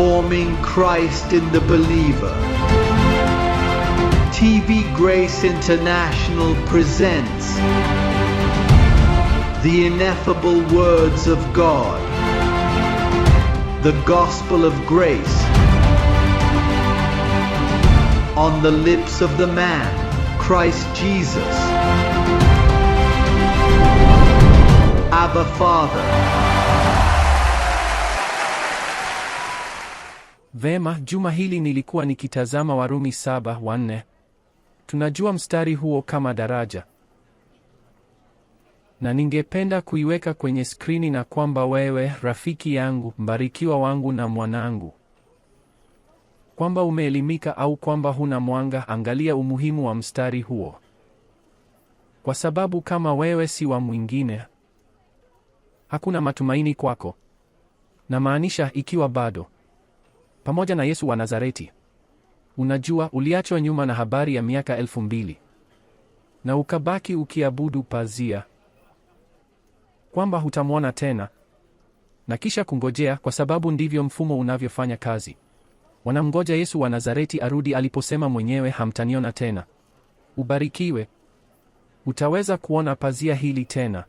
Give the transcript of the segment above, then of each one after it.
forming Christ in the believer. TV Grace International presents the ineffable words of God, the gospel of grace on the lips of the man, Christ Jesus. Abba Father. Vema, juma hili nilikuwa nikitazama Warumi saba wanne. Tunajua mstari huo kama daraja, na ningependa kuiweka kwenye skrini, na kwamba wewe rafiki yangu, mbarikiwa wangu na mwanangu, kwamba umeelimika au kwamba huna mwanga, angalia umuhimu wa mstari huo, kwa sababu kama wewe si wa mwingine, hakuna matumaini kwako. Namaanisha ikiwa bado pamoja na Yesu wa Nazareti. Unajua, uliachwa nyuma na habari ya miaka elfu mbili na ukabaki ukiabudu pazia kwamba hutamwona tena, na kisha kungojea, kwa sababu ndivyo mfumo unavyofanya kazi. Wanamngoja Yesu wa Nazareti arudi aliposema mwenyewe, hamtaniona tena. Ubarikiwe. Utaweza kuona pazia hili tena.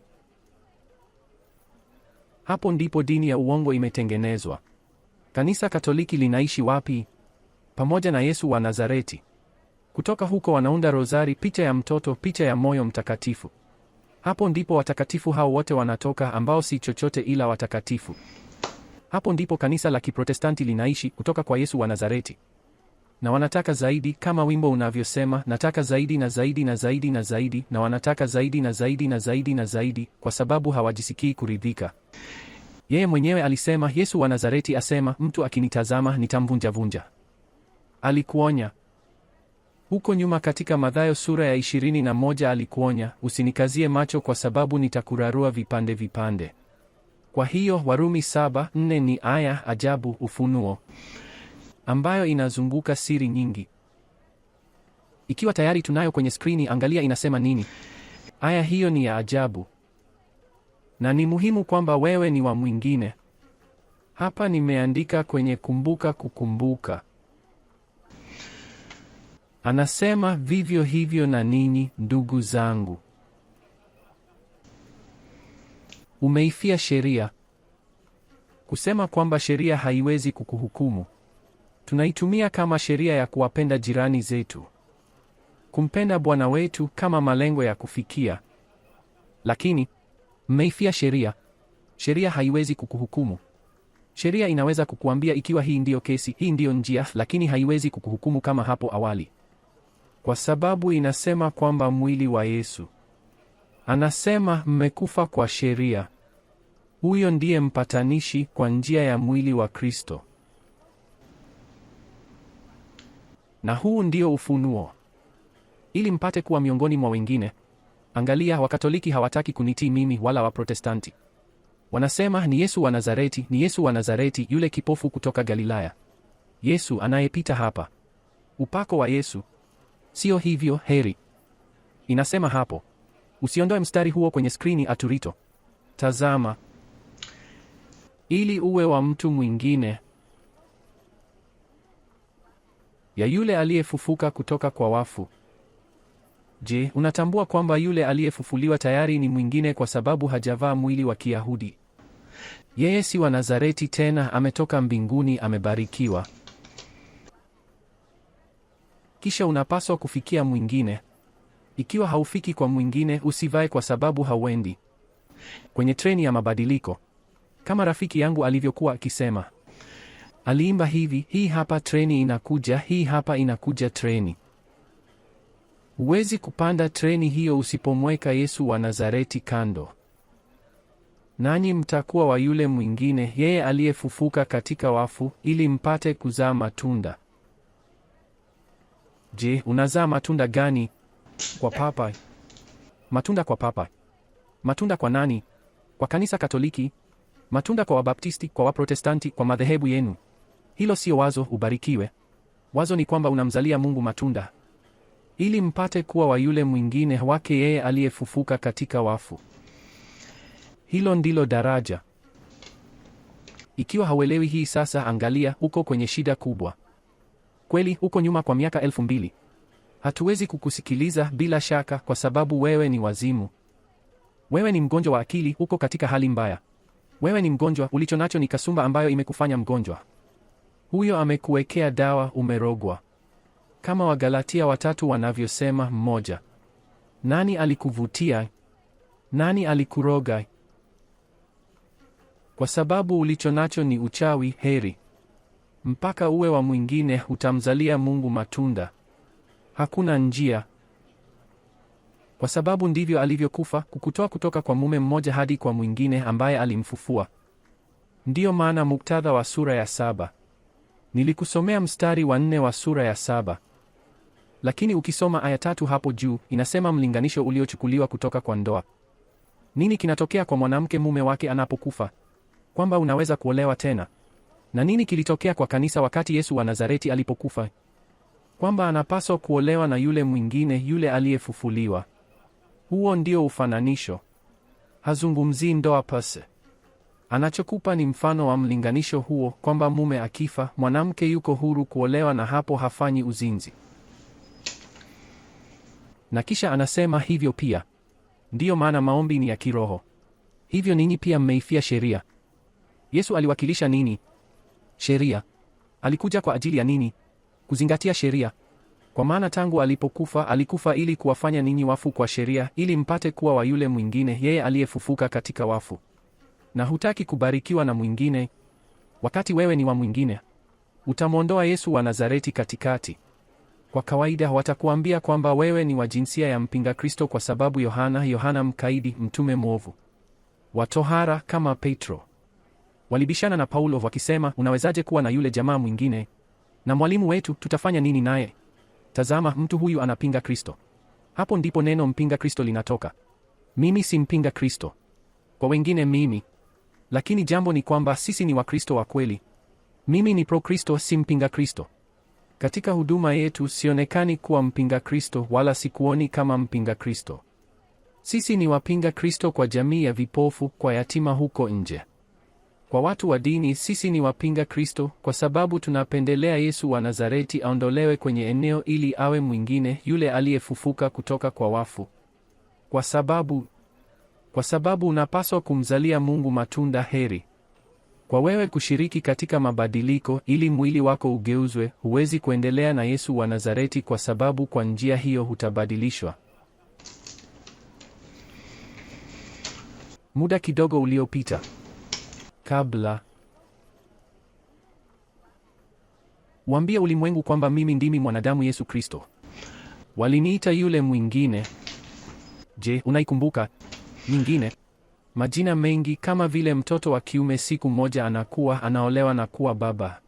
Hapo ndipo dini ya uongo imetengenezwa. Kanisa Katoliki linaishi wapi? Pamoja na Yesu wa Nazareti. Kutoka huko wanaunda rozari, picha ya mtoto, picha ya moyo mtakatifu. Hapo ndipo watakatifu hao wote wanatoka, ambao si chochote ila watakatifu. Hapo ndipo kanisa la Kiprotestanti linaishi, kutoka kwa Yesu wa Nazareti. Na wanataka zaidi, kama wimbo unavyosema, nataka zaidi na zaidi na zaidi na zaidi, na wanataka zaidi na zaidi na zaidi na zaidi, kwa sababu hawajisikii kuridhika. Yeye mwenyewe alisema, Yesu wa Nazareti asema, mtu akinitazama nitamvunjavunja. Alikuonya huko nyuma katika Mathayo sura ya 21, alikuonya usinikazie macho kwa sababu nitakurarua vipande vipande. Kwa hiyo Warumi 7:4 ni aya ajabu, ufunuo ambayo inazunguka siri nyingi. Ikiwa tayari tunayo kwenye skrini, angalia inasema nini. Aya hiyo ni ya ajabu na ni muhimu kwamba wewe ni wa mwingine. Hapa nimeandika kwenye kumbuka kukumbuka. Anasema vivyo hivyo na ninyi ndugu zangu. Umeifia sheria. Kusema kwamba sheria haiwezi kukuhukumu. Tunaitumia kama sheria ya kuwapenda jirani zetu, kumpenda Bwana wetu kama malengo ya kufikia. Lakini Mmeifia sheria. Sheria haiwezi kukuhukumu. Sheria inaweza kukuambia ikiwa hii ndiyo kesi, hii ndiyo njia, lakini haiwezi kukuhukumu kama hapo awali, kwa sababu inasema kwamba mwili wa Yesu, anasema mmekufa kwa sheria. Huyo ndiye mpatanishi kwa njia ya mwili wa Kristo, na huu ndio ufunuo, ili mpate kuwa miongoni mwa wengine Angalia, Wakatoliki hawataki kunitii mimi wala Waprotestanti. Wanasema ni Yesu wa Nazareti, ni Yesu wa Nazareti yule kipofu kutoka Galilaya. Yesu anayepita hapa. Upako wa Yesu. Sio hivyo, heri. Inasema hapo. Usiondoe mstari huo kwenye skrini Aturito. Tazama. Ili uwe wa mtu mwingine. Ya yule aliyefufuka kutoka kwa wafu. Je, unatambua kwamba yule aliyefufuliwa tayari ni mwingine kwa sababu hajavaa mwili wa Kiyahudi? Yeye si wa Nazareti tena, ametoka mbinguni, amebarikiwa. Kisha unapaswa kufikia mwingine. Ikiwa haufiki kwa mwingine, usivae kwa sababu hauendi kwenye treni ya mabadiliko. Kama rafiki yangu alivyokuwa akisema, aliimba hivi: hii hapa treni inakuja, hii hapa inakuja treni. Huwezi kupanda treni hiyo usipomweka Yesu wa Nazareti kando. Nanyi mtakuwa wa yule mwingine, yeye aliyefufuka katika wafu, ili mpate kuzaa matunda. Je, unazaa matunda gani? Kwa Papa? Matunda kwa Papa? Matunda kwa nani? Kwa kanisa Katoliki? Matunda kwa Wabaptisti, kwa Waprotestanti, kwa madhehebu yenu? Hilo sio wazo, ubarikiwe. Wazo ni kwamba unamzalia Mungu matunda ili mpate kuwa wa yule mwingine wake yeye aliyefufuka katika wafu. Hilo ndilo daraja. Ikiwa hauelewi hii sasa, angalia, uko kwenye shida kubwa kweli. Uko nyuma kwa miaka elfu mbili. Hatuwezi kukusikiliza bila shaka, kwa sababu wewe ni wazimu. Wewe ni mgonjwa wa akili, uko katika hali mbaya. Wewe ni mgonjwa, ulicho nacho ni kasumba ambayo imekufanya mgonjwa. Huyo amekuwekea dawa, umerogwa. Kama Wagalatia watatu wanavyosema mmoja, nani alikuvutia? Nani alikuroga? Kwa sababu ulicho nacho ni uchawi, heri mpaka uwe wa mwingine, utamzalia Mungu matunda. Hakuna njia. Kwa sababu ndivyo alivyokufa, kukutoa kutoka kwa mume mmoja hadi kwa mwingine ambaye alimfufua. Ndiyo maana muktadha wa sura ya saba. Nilikusomea mstari wa nne wa sura ya saba. Lakini ukisoma aya tatu hapo juu, inasema mlinganisho uliochukuliwa kutoka kwa ndoa. Nini kinatokea kwa mwanamke mume wake anapokufa? Kwamba unaweza kuolewa tena. Na nini kilitokea kwa kanisa wakati Yesu wa Nazareti alipokufa? Kwamba anapaswa kuolewa na yule mwingine, yule aliyefufuliwa. Huo ndio ufananisho. Hazungumzii ndoa pase. Anachokupa ni mfano wa mlinganisho huo, kwamba mume akifa, mwanamke yuko huru kuolewa na hapo hafanyi uzinzi. Na kisha anasema hivyo pia ndiyo maana maombi ni ya kiroho, hivyo ninyi pia mmeifia sheria. Yesu aliwakilisha nini? Sheria. Alikuja kwa ajili ya nini? Kuzingatia sheria. Kwa maana tangu alipokufa alikufa ili kuwafanya ninyi wafu kwa sheria, ili mpate kuwa wa yule mwingine, yeye aliyefufuka katika wafu. Na hutaki kubarikiwa na mwingine, wakati wewe ni wa mwingine. Utamwondoa Yesu wa Nazareti katikati kwa kawaida watakuambia kwamba wewe ni wa jinsia ya mpinga Kristo kwa sababu Yohana, Yohana mkaidi, mtume mwovu. Watohara kama Petro walibishana na Paulo wakisema, unawezaje kuwa na yule jamaa mwingine na mwalimu wetu, tutafanya nini naye? Tazama, mtu huyu anapinga Kristo. Hapo ndipo neno mpinga Kristo linatoka. Mimi si mpinga Kristo, kwa wengine mimi, lakini jambo ni kwamba sisi ni Wakristo wa kweli. Mimi ni pro Kristo, si mpinga Kristo. Katika huduma yetu sionekani kuwa mpinga Kristo wala sikuoni kama mpinga Kristo. Sisi ni wapinga Kristo kwa jamii ya vipofu, kwa yatima huko nje. Kwa watu wa dini, sisi ni wapinga Kristo kwa sababu tunapendelea Yesu wa Nazareti aondolewe kwenye eneo ili awe mwingine yule aliyefufuka kutoka kwa wafu. Kwa sababu kwa sababu unapaswa kumzalia Mungu matunda heri. Kwa wewe kushiriki katika mabadiliko ili mwili wako ugeuzwe, huwezi kuendelea na Yesu wa Nazareti kwa sababu kwa njia hiyo hutabadilishwa. Muda kidogo uliopita, kabla waambia ulimwengu kwamba mimi ndimi mwanadamu Yesu Kristo. Waliniita yule mwingine. Je, unaikumbuka nyingine? Majina mengi kama vile mtoto wa kiume siku moja anakuwa anaolewa na kuwa baba.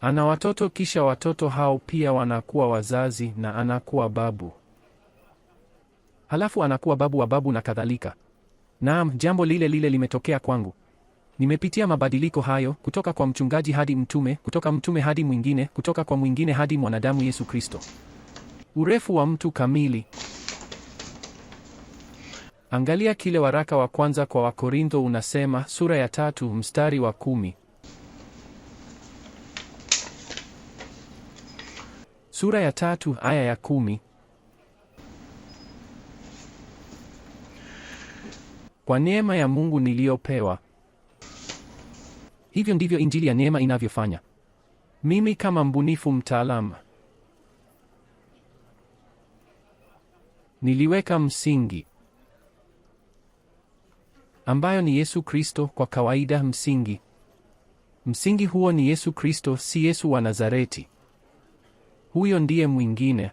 Ana watoto kisha watoto hao pia wanakuwa wazazi na anakuwa babu. Halafu anakuwa babu wa babu na kadhalika. Naam, jambo lile lile limetokea kwangu. Nimepitia mabadiliko hayo kutoka kwa mchungaji hadi mtume, kutoka mtume hadi mwingine, kutoka kwa mwingine hadi mwanadamu Yesu Kristo. Urefu wa mtu kamili Angalia kile waraka wa kwanza kwa Wakorintho unasema, sura ya tatu mstari wa kumi. Sura ya tatu aya ya kumi. Kwa neema ya Mungu niliyopewa, hivyo ndivyo injili ya neema inavyofanya. Mimi kama mbunifu mtaalamu niliweka msingi ambayo ni Yesu Kristo kwa kawaida msingi. Msingi huo ni Yesu Kristo, si Yesu wa Nazareti. Huyo ndiye mwingine.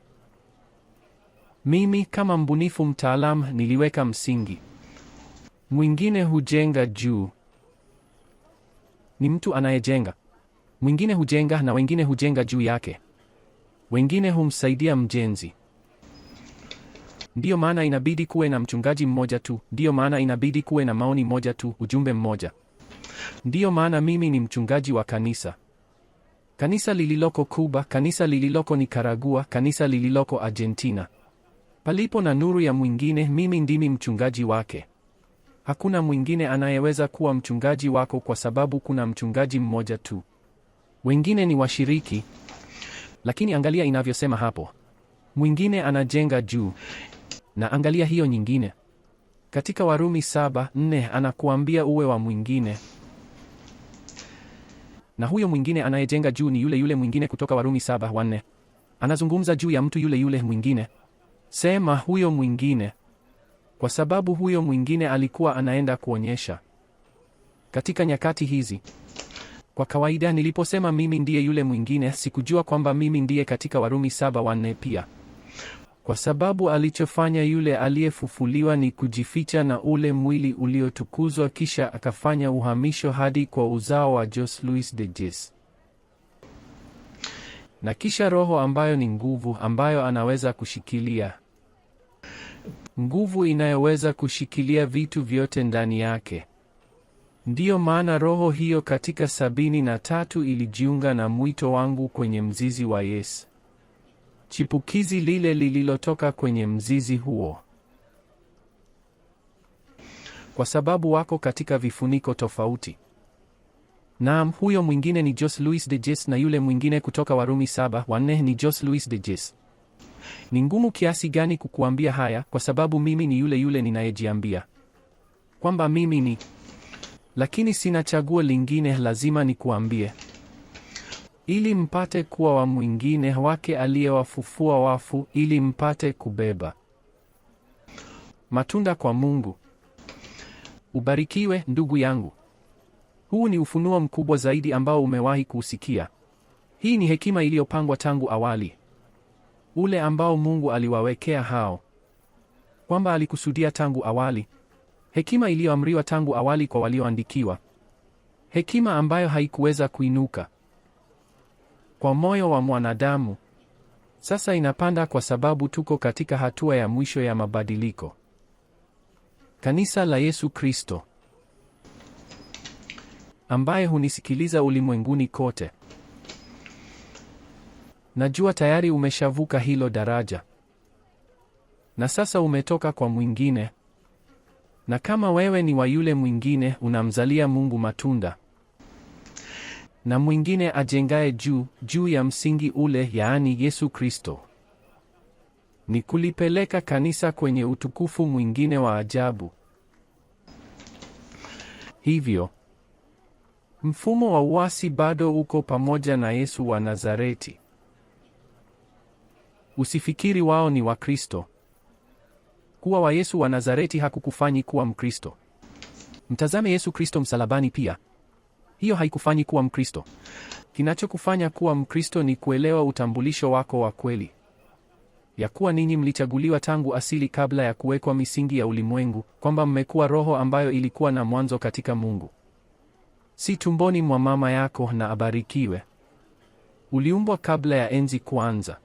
Mimi kama mbunifu mtaalamu niliweka msingi. Mwingine hujenga juu. Ni mtu anayejenga. Mwingine hujenga na wengine hujenga juu yake. Wengine humsaidia mjenzi. Ndiyo maana inabidi kuwe na mchungaji mmoja tu, ndiyo maana inabidi kuwe na maoni moja tu, ujumbe mmoja. Ndiyo maana mimi ni mchungaji wa kanisa, kanisa lililoko Kuba, kanisa lililoko Nikaragua, kanisa lililoko Argentina. Palipo na nuru ya mwingine, mimi ndimi mchungaji wake. Hakuna mwingine anayeweza kuwa mchungaji wako kwa sababu kuna mchungaji mmoja tu. Wengine ni washiriki, lakini angalia inavyosema hapo, mwingine anajenga juu na angalia hiyo nyingine katika Warumi saba nne anakuambia uwe wa mwingine, na huyo mwingine anayejenga juu ni yule yule mwingine kutoka Warumi saba wanne. Anazungumza juu ya mtu yule yule mwingine. Sema huyo mwingine, kwa sababu huyo mwingine alikuwa anaenda kuonyesha katika nyakati hizi. Kwa kawaida, niliposema mimi ndiye yule mwingine, sikujua kwamba mimi ndiye katika Warumi saba wanne pia kwa sababu alichofanya yule aliyefufuliwa ni kujificha na ule mwili uliotukuzwa, kisha akafanya uhamisho hadi kwa uzao wa jos louis de Jes na kisha Roho ambayo ni nguvu ambayo anaweza kushikilia nguvu inayoweza kushikilia vitu vyote ndani yake. Ndiyo maana roho hiyo katika sabini na tatu ilijiunga na mwito wangu kwenye mzizi wa Yesu chipukizi lile lililotoka kwenye mzizi huo. Kwa sababu wako katika vifuniko tofauti. Naam, huyo mwingine ni Jose Luis de Jes na yule mwingine kutoka Warumi saba wanne ni Jose Luis de Jes. Ni ngumu kiasi gani kukuambia haya, kwa sababu mimi ni yule yule ninayejiambia kwamba mimi ni, lakini sina chaguo lingine, lazima nikuambie ili mpate kuwa wa mwingine wake aliyewafufua wafu, ili mpate kubeba matunda kwa Mungu. Ubarikiwe ndugu yangu. Huu ni ufunuo mkubwa zaidi ambao umewahi kusikia. Hii ni hekima iliyopangwa tangu awali, ule ambao Mungu aliwawekea hao, kwamba alikusudia tangu awali, hekima iliyoamriwa tangu awali kwa walioandikiwa, hekima ambayo haikuweza kuinuka kwa moyo wa mwanadamu. Sasa inapanda kwa sababu tuko katika hatua ya mwisho ya mabadiliko. Kanisa la Yesu Kristo ambaye hunisikiliza ulimwenguni kote. Najua tayari umeshavuka hilo daraja. Na sasa umetoka kwa mwingine. Na kama wewe ni wa yule mwingine, unamzalia Mungu matunda na mwingine ajengaye juu juu ya msingi ule, yaani Yesu Kristo. Ni kulipeleka kanisa kwenye utukufu mwingine wa ajabu. Hivyo mfumo wa uasi bado uko pamoja na Yesu wa Nazareti. Usifikiri wao ni Wakristo. Kuwa wa Yesu wa Nazareti hakukufanyi kuwa Mkristo. Mtazame Yesu Kristo msalabani pia hiyo haikufanyi kuwa Mkristo. Kinachokufanya kuwa Mkristo ni kuelewa utambulisho wako wa kweli, ya kuwa ninyi mlichaguliwa tangu asili kabla ya kuwekwa misingi ya ulimwengu, kwamba mmekuwa roho ambayo ilikuwa na mwanzo katika Mungu, si tumboni mwa mama yako, na abarikiwe. Uliumbwa kabla ya enzi kuanza,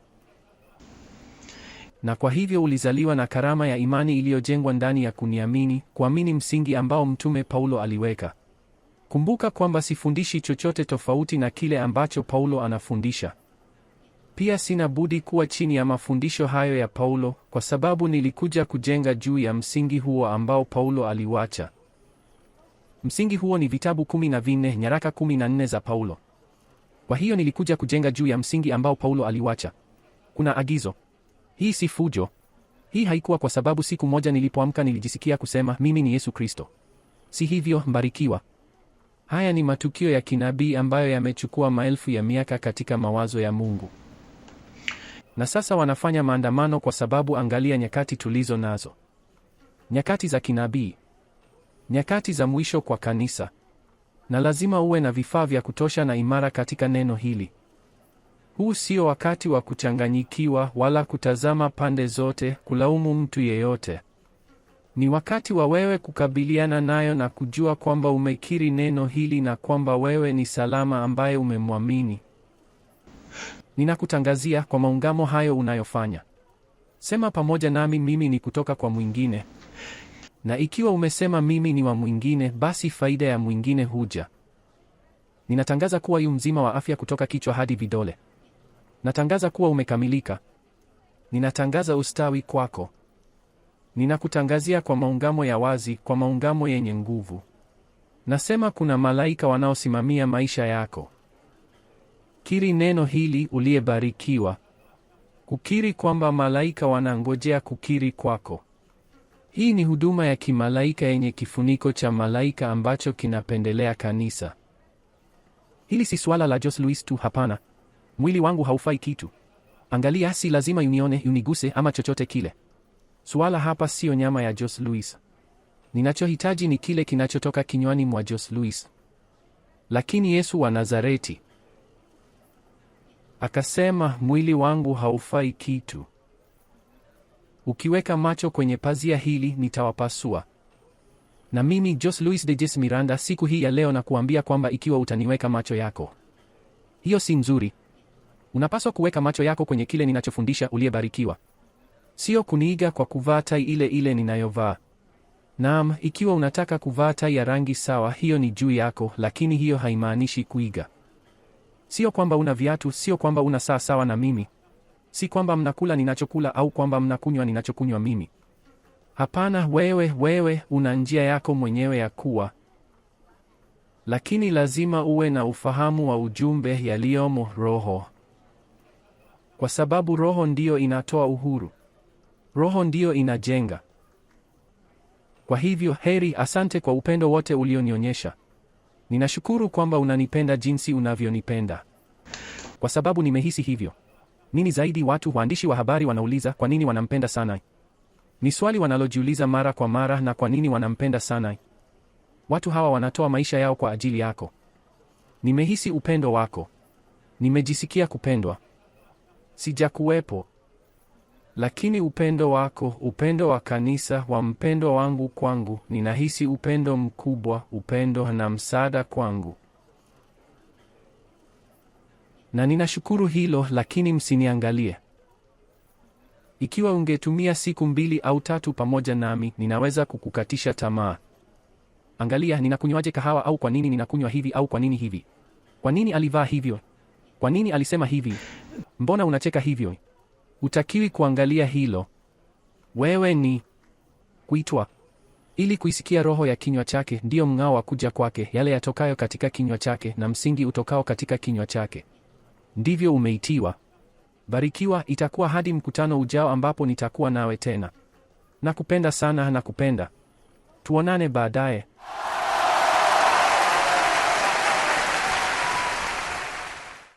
na kwa hivyo ulizaliwa na karama ya imani iliyojengwa ndani ya kuniamini, kuamini msingi ambao Mtume Paulo aliweka. Kumbuka kwamba sifundishi chochote tofauti na kile ambacho Paulo anafundisha. Pia sina budi kuwa chini ya mafundisho hayo ya Paulo kwa sababu nilikuja kujenga juu ya msingi huo ambao Paulo aliwacha Msingi huo ni vitabu kumi na vinne, nyaraka kumi na nne za Paulo. Kwa hiyo nilikuja kujenga juu ya msingi ambao Paulo aliwacha Kuna agizo. Hii si fujo. Hii haikuwa kwa sababu siku moja nilipoamka nilijisikia kusema mimi ni Yesu Kristo. Si hivyo, mbarikiwa. Haya ni matukio ya kinabii ambayo yamechukua maelfu ya miaka katika mawazo ya Mungu, na sasa wanafanya maandamano kwa sababu, angalia nyakati tulizo nazo, nyakati za kinabii, nyakati za mwisho kwa kanisa, na lazima uwe na vifaa vya kutosha na imara katika neno hili. Huu sio wakati wa kuchanganyikiwa wala kutazama pande zote, kulaumu mtu yeyote. Ni wakati wa wewe kukabiliana nayo na kujua kwamba umekiri neno hili na kwamba wewe ni salama ambaye umemwamini. Ninakutangazia kwa maungamo hayo unayofanya. Sema pamoja nami, mimi ni kutoka kwa mwingine. Na ikiwa umesema mimi ni wa mwingine, basi faida ya mwingine huja. Ninatangaza kuwa yu mzima wa afya kutoka kichwa hadi vidole. Natangaza kuwa umekamilika. Ninatangaza ustawi kwako. Ninakutangazia kwa maungamo ya wazi, kwa maungamo yenye nguvu. Nasema kuna malaika wanaosimamia maisha yako. Kiri neno hili uliyebarikiwa. Kukiri kwamba malaika wanangojea kukiri kwako. Hii ni huduma ya kimalaika yenye kifuniko cha malaika ambacho kinapendelea kanisa. Hili si swala la Jose Luis tu, hapana. Mwili wangu haufai kitu. Angalia, si lazima unione, uniguse ama chochote kile. Suala hapa siyo nyama ya Jose Luis. Ninachohitaji ni kile kinachotoka kinywani mwa Jose Luis. Lakini Yesu wa Nazareti akasema, mwili wangu haufai kitu. Ukiweka macho kwenye pazia hili nitawapasua. Na mimi Jose Luis Jesus Miranda siku hii ya leo na kuambia kwamba ikiwa utaniweka macho yako, hiyo si nzuri. Unapaswa kuweka macho yako kwenye kile ninachofundisha uliyebarikiwa sio kuniiga kwa kuvaa tai ile ile ninayovaa. Naam, ikiwa unataka kuvaa tai ya rangi sawa, hiyo ni juu yako, lakini hiyo haimaanishi kuiga. Sio kwamba una viatu, sio kwamba una saa sawa na mimi, si kwamba mnakula ninachokula au kwamba mnakunywa ninachokunywa mimi. Hapana, wewe wewe una njia yako mwenyewe ya kuwa, lakini lazima uwe na ufahamu wa ujumbe yaliyomo Roho, kwa sababu Roho ndiyo inatoa uhuru. Roho ndiyo inajenga. Kwa hivyo, heri, asante kwa upendo wote ulionionyesha. Ninashukuru kwamba unanipenda jinsi unavyonipenda. Kwa sababu nimehisi hivyo. Nini zaidi, watu waandishi wa habari wanauliza kwa nini wanampenda sana. Ni swali wanalojiuliza mara kwa mara na kwa nini wanampenda sana. Watu hawa wanatoa maisha yao kwa ajili yako. Nimehisi upendo wako. Nimejisikia kupendwa. Sijakuwepo. Lakini upendo wako, upendo wa kanisa, wa mpendo wangu kwangu, ninahisi upendo mkubwa, upendo na msaada kwangu, na ninashukuru hilo. Lakini msiniangalie. Ikiwa ungetumia siku mbili au tatu pamoja nami, ninaweza kukukatisha tamaa. Angalia, ninakunywaje kahawa, au kwa nini ninakunywa hivi, au kwa nini hivi, kwa nini alivaa hivyo, kwa nini alisema hivi, mbona unacheka hivyo? Hutakiwi kuangalia hilo. Wewe ni kuitwa ili kuisikia roho ya kinywa chake, ndiyo mng'ao wa kuja kwake, yale yatokayo katika kinywa chake, na msingi utokao katika kinywa chake, ndivyo umeitiwa. Barikiwa. Itakuwa hadi mkutano ujao ambapo nitakuwa nawe tena. Nakupenda sana, nakupenda. Tuonane baadaye.